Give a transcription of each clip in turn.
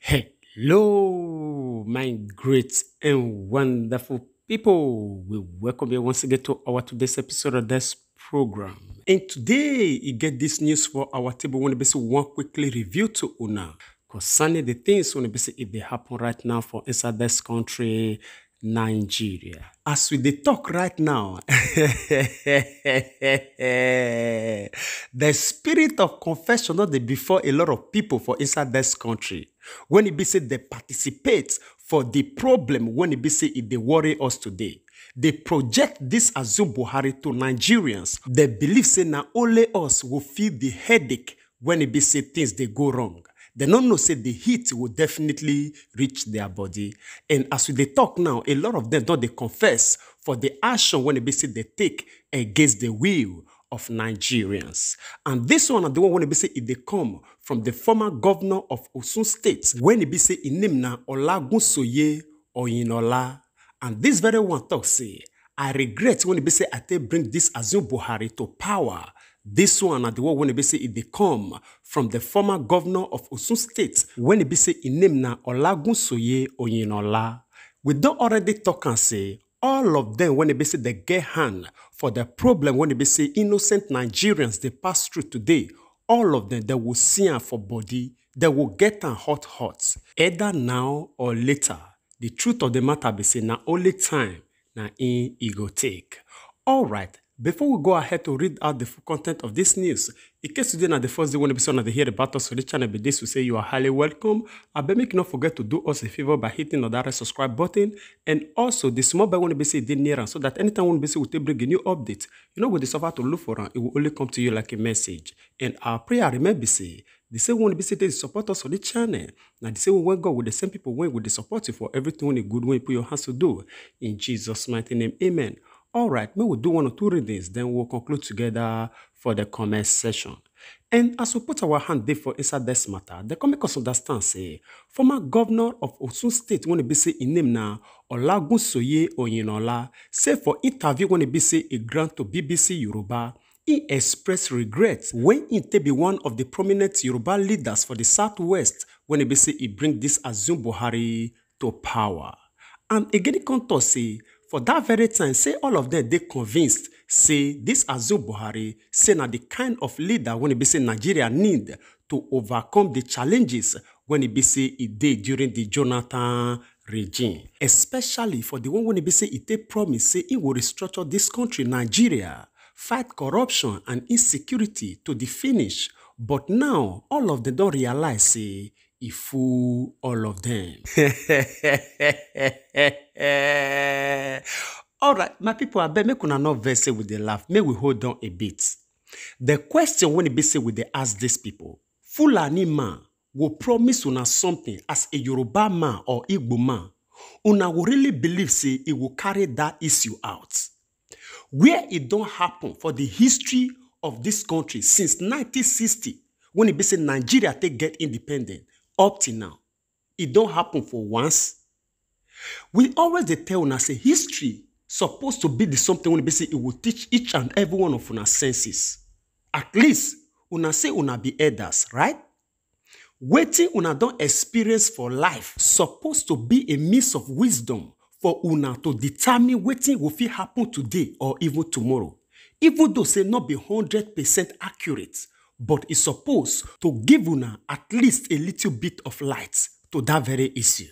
Hello, my great and wonderful people. We welcome you once again to our today's episode of this program. And today, you get this news for our table. One basic one quickly review to Una concerning the things one basic if they happen right now for inside this country Nigeria. As we the talk right now, the spirit of confession not they before a lot of people for inside this country. When it be said they participate for the problem, when it be said it they worry us today. They project this Azubuhari Buhari to Nigerians. They believe say now only us will feel the headache when it be said things they go wrong. They don't know, say the heat will definitely reach their body. And as we they talk now, a lot of them don't they confess for the action when they say they take against the will of Nigerians. And this one are the one when they say if e they come from the former governor of Osun State, when they say in e him na Olagunsoye Oyinola. And this very one talk say, I regret when they say I take bring this Azul Buhari to power This one at the one when it be say it come from the former governor of Osun State when it be say in name na Olagunsoye Oyinola. We don't already talk and say all of them when it be say they get hand for the problem when it be say innocent Nigerians they pass through today. All of them they will see and for body, they will get am hot hot either now or later. The truth of the matter be say na only time na in e go take. All right, Before we go ahead to read out the full content of this news, in case you didn't the first day be episode of the Hear About Us for the channel, but this will say you are highly welcome. I beg make you not forget to do us a favor by hitting on that subscribe button and also the small bell one see did near so that anytime one see will take bring a new update, you know with the server to look for and it will only come to you like a message. And our prayer remember say the same one BC they support us on the channel. Now the same one God with the same people when will the support you for everything when a good way put your hands to do. In Jesus' mighty name, amen. All right, we will do one or two readings, then we'll conclude together for the comment session. And as we put our hand there for inside this matter, the comic us understand say former governor of Osun State when be say in name na Olagun Soye Oyinola say for interview when be say a grant to BBC Yoruba. He expressed regret when he take be one of the prominent Yoruba leaders for the Southwest when he say he bring this Azum Buhari to power. And again, he come say for that very time say all of them, dey convinced say this Azul Buhari say na the kind of leader wey e be say Nigeria need to overcome the challenges when e be say e dey during the Jonathan regime especially for the one wey e be say e take promise say e go restructure this country Nigeria fight corruption and insecurity to the finish but now all of them don realize say He fool all of them. all right, my people, I bet me una not verse with the laugh. May we hold on a bit. The question when it be say with the ask these people, Fulani man will promise una something as a Yoruba man or Igbo man. Una will really believe say it will carry that issue out. Where it don't happen for the history of this country since 1960, when it be say Nigeria take get independent, up till now e don happen for once we always dey tell una say history suppose to be the something wey be say e go teach each and every one of una senses at least una say una be elders right wetin una don experience for life suppose to be a means of wisdom for una to determine wetin go fit happen today or even tomorrow even though say no be hundred percent accurate but it's supposed to give una at least a little bit of light to that very issue.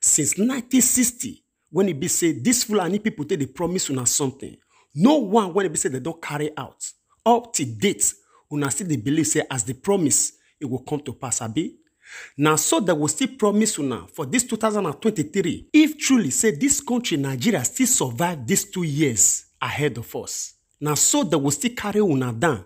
Since 1960, when it be say this Fulani people take the promise una something, no one when it be say they don't carry out. Up to date, una still they believe say as the promise, it will come to pass, abi? Now, so they will still promise una for this 2023 if truly say this country, Nigeria, still survive these two years ahead of us. Now, so they will still carry una down,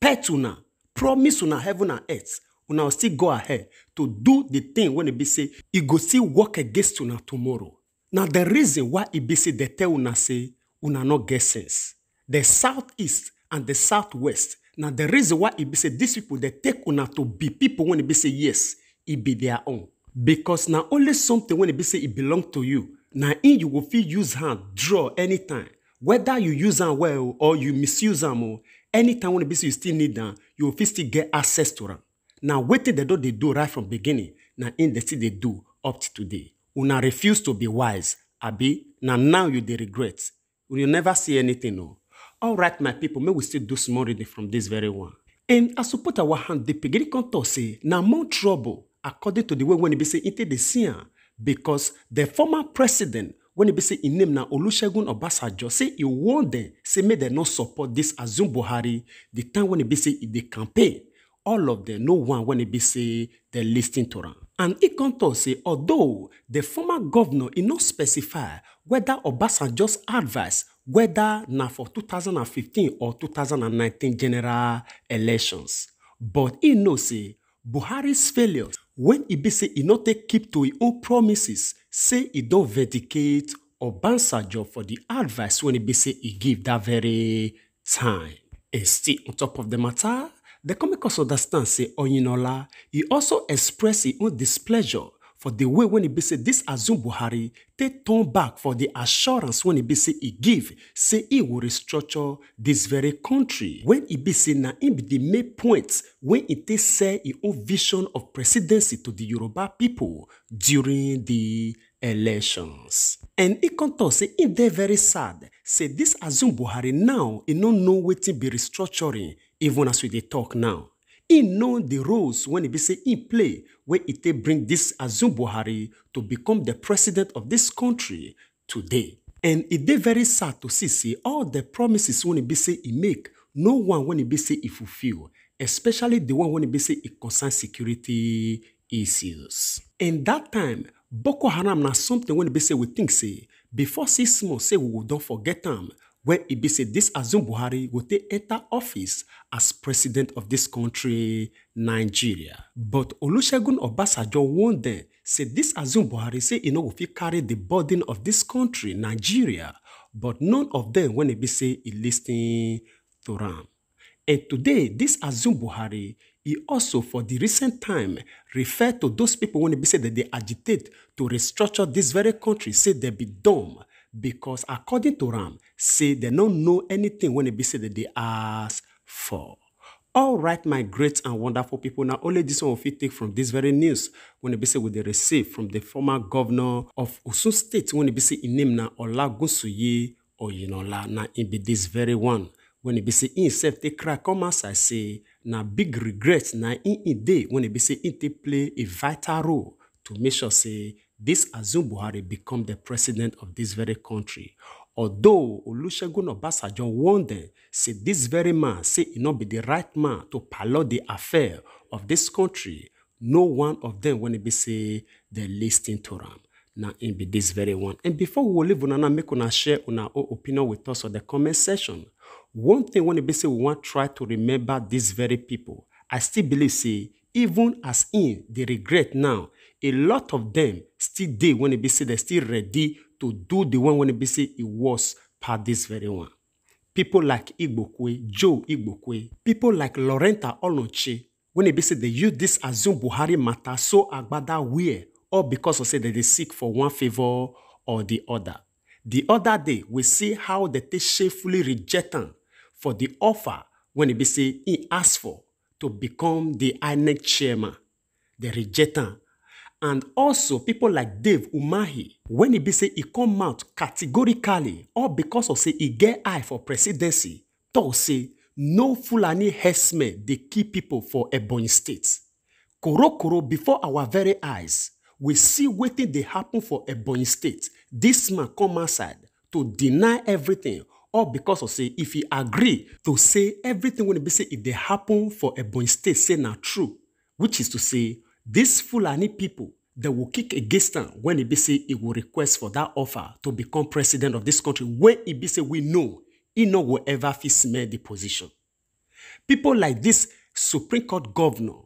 pet una, promise una heaven and earth una still go ahead to do the thing wey e be say e go still work against una tomorrow na the reason why e be say dey tell una say una no get sense the southeast and the southwest na the reason why e be say these people dey take una to be people wey e be say yes e be their own because na only something wey e be say e belong to you na im you go fit use hand draw anytime whether you use am well or you misuse am o anytime when the business you still need am you will still get access to am na wetin they do they do right from beginning now in the city they do up to today una refuse to be wise abi now now you dey regret you never see anything o all right my people may we still do some more reading from this very one and as we put our hand the beginning come say now more trouble according to the way when e be say e take dey because the former president when e be say in name na olusegun obasanjo say he warn dem say make dem no support this azum buhari the time when e be say e dey campaign all of dem no one when e be say dem lis ten to am and e come talk say although the former governor e no specify whether obasanjo's advice whether na for 2015 or 2019 general elections but e know say buhari's failures when e be say e no take keep to im own promises say e don vindicate Obansanjo for the advice when he be say he give that very time. And still on top of the matter, the comic also understand say Oyinola, he also express his own displeasure for the way when e be say this Azum Buhari take turn back for the assurance when e be say he give say he will restructure this very country. When e be say na him be the main point when he take sell his own vision of presidency to the Yoruba people during the elections. And he come talk say im dey very sad say this Azum Buhari now e no know wetin be restructuring even as we dey talk now. He know the roles when he be say he play where it take bring this Azum Buhari to become the president of this country today. And it dey very sad to see see all the promises when he be say he make, no one when he be say he fulfill, especially the one when he be say he concern security issues. And that time, Boko Haram na something when he be say we think say before six months say we will don forget them. When it be say this Azum Buhari will take enter office as president of this country, Nigeria. But Olusegun Obasanjo warned them, say this Azum Buhari say you know if you carry the burden of this country, Nigeria, but none of them when it e be say he listening to Ram. And today, this Azum Buhari, he also for the recent time referred to those people when they say that they agitate to restructure this very country, say they be dumb, because according to Ram, say they don't know anything when it be said that they ask for. All right, my great and wonderful people. Now, only this one we take from this very news when it say said we they receive from the former governor of Osun State when it be said in name na Olagunsuye Oyinola. Now, it be this very one when it say in himself take cry come I say na big regret na in e day when it say he take play a vital role to make sure say this Azum Buhari become the president of this very country. Although Olusegun Obasanjo warned them, say this very man, say he not be the right man to pilot the affair of this country, no one of them when it be say the listening to him. Now it be this very one. And before we leave, unana make una share una own opinion with us on the comment section. One thing when it be say we want try to remember these very people. I still believe say even as in they regret now a lot of them still dey when e be say dem still ready to do the one when e be say it was part this very one people like igbokwe joe igbokwe people like lorenta onoche when e be say they use this assume buhari matter so agbada wear all because of say they dey seek for one favour or the other the other day we see how they take shamefully reject am for the offer when e be say he ask for to become the INEC chairman, the rejecter, And also people like Dave Umahi, when he be say he come out categorically, all because of say he get eye for presidency, talk say no Fulani herdsmen dey kill people for Ebonyi State. koro koro before our very eyes, we see wetin they happen for Ebonyi State. This man come outside to deny everything all because of say if he agree to say everything wey be say if dey happen for ebonyi state say na true which is to say dis fulani pipo dem go kick against am when e be say e go request for dat offer to become president of dis country wey e be say we know e no go ever fit smell di position. Pipo like dis Supreme Court governor,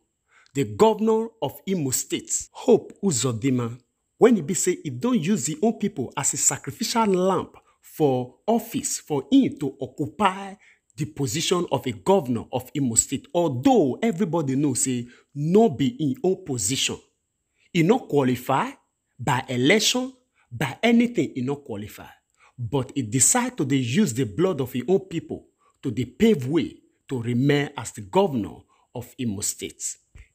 the governor of Imo State, Hope Uzodinma, wen e be say e don use im own pipo as a sacrificial lamp for office for him to occupy the position of a governor of Imo State, although everybody knows say no be in own position. He not qualify by election, by anything he not qualify. But he decide to use the blood of his own people to dey pave way to remain as the governor of Imo State.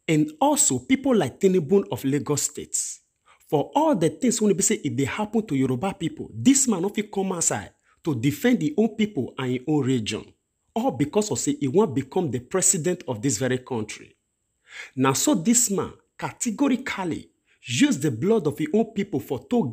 And also people like Tinubu of Lagos State for all the things when be say e dey happen to yoruba people, this man no come outside to defend his own people and his own region all because of say he wan become the president of this very country Now, so this man categorically use the blood of his own people for toll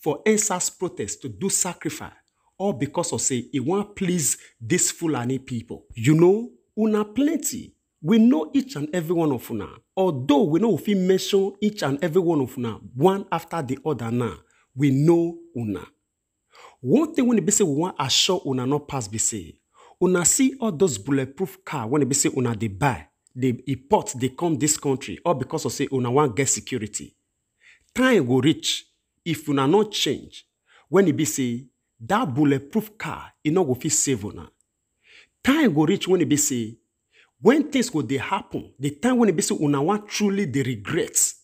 for endsars protest to do sacrifice all because of say he wan please this fulani people. you know una plenty we know each and every one of una although we no fit mention each and every one of una one after the other na, we know una one thing wey e be say we wan assure una no pass be say una see all those bulletproof car wey e be say una dey buy dey import dey come this country all because of say una wan get security time go reach if una no change when e be say that bulletproof car e no go fit save una time go reach when e be say when things go they happen the time when basically be say una wan truly the regrets.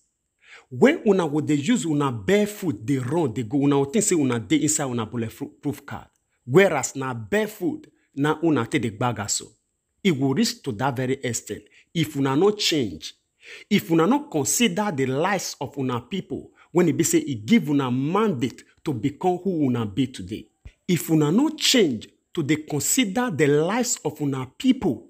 when una go dey use una barefoot they run they go una go think say una day inside una bulletproof card whereas na barefoot na una take the gbaga so e go reach to that very extent if una not change if una not consider the lives of una people when e be say e give una mandate to become who una be today if una not change to they consider the lives of una people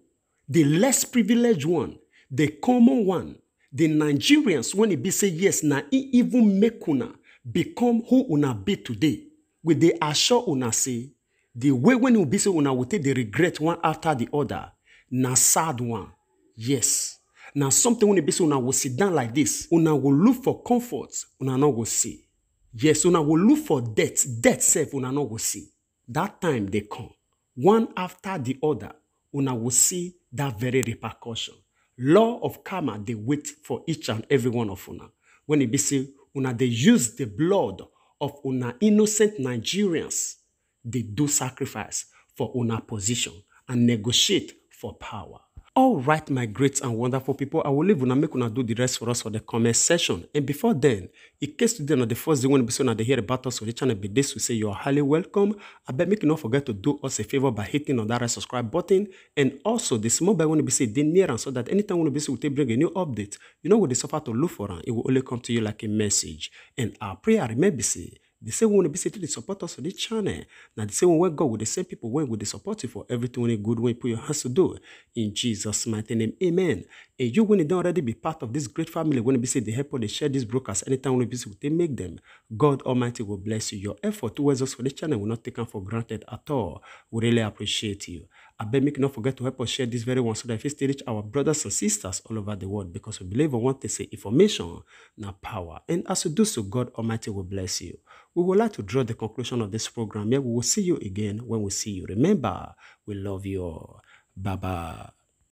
the less privileged one, the common one, the Nigerians, when it be say yes, na it even make una become who una be today. With the assure una say, the way when you be say una will take the regret one after the other, na sad one. Yes. Now something when it be say una will sit down like this, una will look for comfort, una not go see. Yes, una will look for death, death self una not go see. That time they come, one after the other, una will see that very repercussion. Law of karma, they wait for each and every one of una. When it be say, una they use the blood of una innocent Nigerians, they do sacrifice for una position and negotiate for power. All right, my great and wonderful people, I will leave una make una do the rest for us for the comment session. And before then, in case today not the first day when episode they hear about us on the channel be this, we say you are highly welcome. I bet make you not forget to do us a favor by hitting on that red subscribe button and also the small bell when be say they near and so that anytime when be say we take bring a new update, you know what they suffer to look for and it will only come to you like a message. And our prayer remember say the same one will be sitting to support us on this channel. Now the same one where God with the same people when will they support you for everything when good when put your hands to do. In Jesus' mighty name. Amen. And you when don't already be part of this great family, when you be say the help or they share these broadcast anytime when you be say they make them. God Almighty will bless you. Your effort towards us for this channel will not taken for granted at all. We really appreciate you. I beg make not forget to help us share this very one so that we still reach our brothers and sisters all over the world because we believe we want to say, information, not power. And as we do so, God Almighty will bless you. We would like to draw the conclusion of this program. Yeah, we will see you again when we see you. Remember, we love you all. Bye-bye.